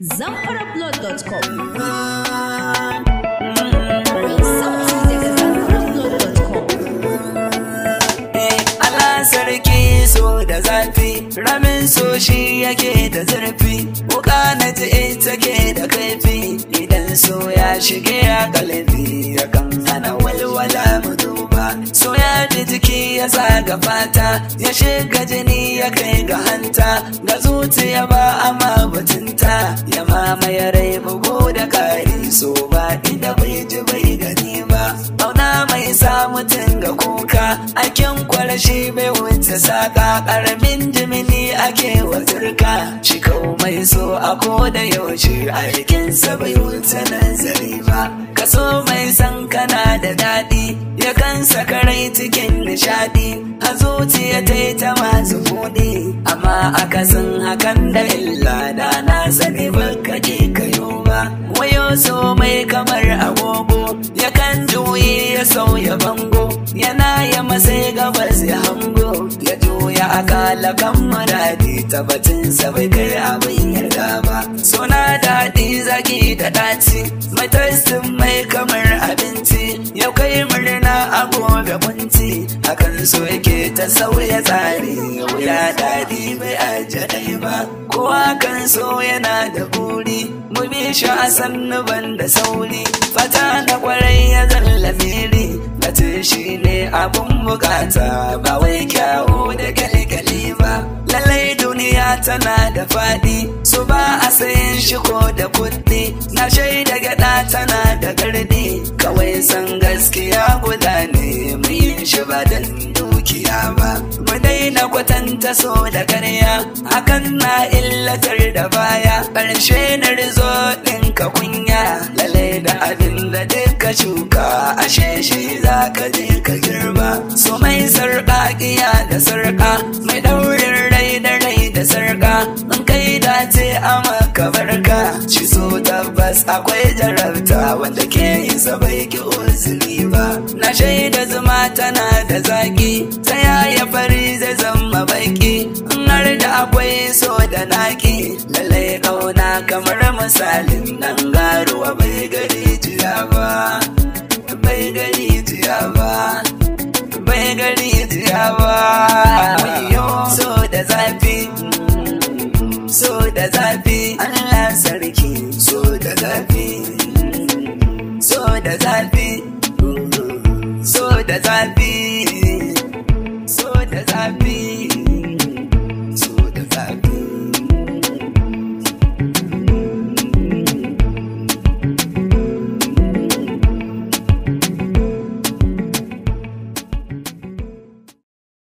zamfarablood.com eh, sarki so da zafi ramin so shi yake da zurfi wuka na ta take da kaifi idan so ya shige ya kalifi ya kan walwala mu duba so ya ji jiki ya sa ga fata ya shiga jini ya kai ga hanta ga zuciya ba amma batunta mutum ga kuka akin kwarashi bai wuce saka ƙaramin jimini ake wazirka cikau mai so a koda yaushe a jikinsa bai wuce nazari ba kaso mai san kana da daɗi yakan sakarai cikin nishaɗi a zuciya ta yi ta masu buɗe amma a akasin hakan da illa da sauyi ya sauya bango yana ya masai gabas ya hango ya juya akala kan maradi tabbatin bai kai abin yarda ba suna daɗi zaki da ɗaci matastin mai kamar abinci ya kai murna a gobe kunci a so yake ta sauya tsari ya daɗi bai ajiye ba kowa kan so yana da buri mu bi shi a sannu ban da sauri fata na kwarai ya zara abun bukata ba wai kyawu da gali-gali ba lalai duniya tana da faɗi su ba a sayin shi ko da kuɗi na shaida gyaɗa tana da gardi kawai san gaskiya guda ne mu yin shi ba don dukiya ba mu daina kwatanta so da karya Akan na illatar da baya ƙarshe na rizo ɗinka kunya da abin da ka shuka ashe shi za ka je ka girma? su mai sarƙa ƙiya da sarƙa mai ɗaurin rai da rai da sarƙa in kai dace a maka barka shi so tabbas akwai jarabta wanda ke yi sabai ki uzuri ba na shaida zuma tana da zaki ta yaya fari zai zama baƙi in har da akwai so da na masalin nan garuwa bai gari jiya ba bai gari jiya ba bai gari jiya ba so da zafi so da zafi Allah sarki so da zafi so da zafi so da zafi so da zafi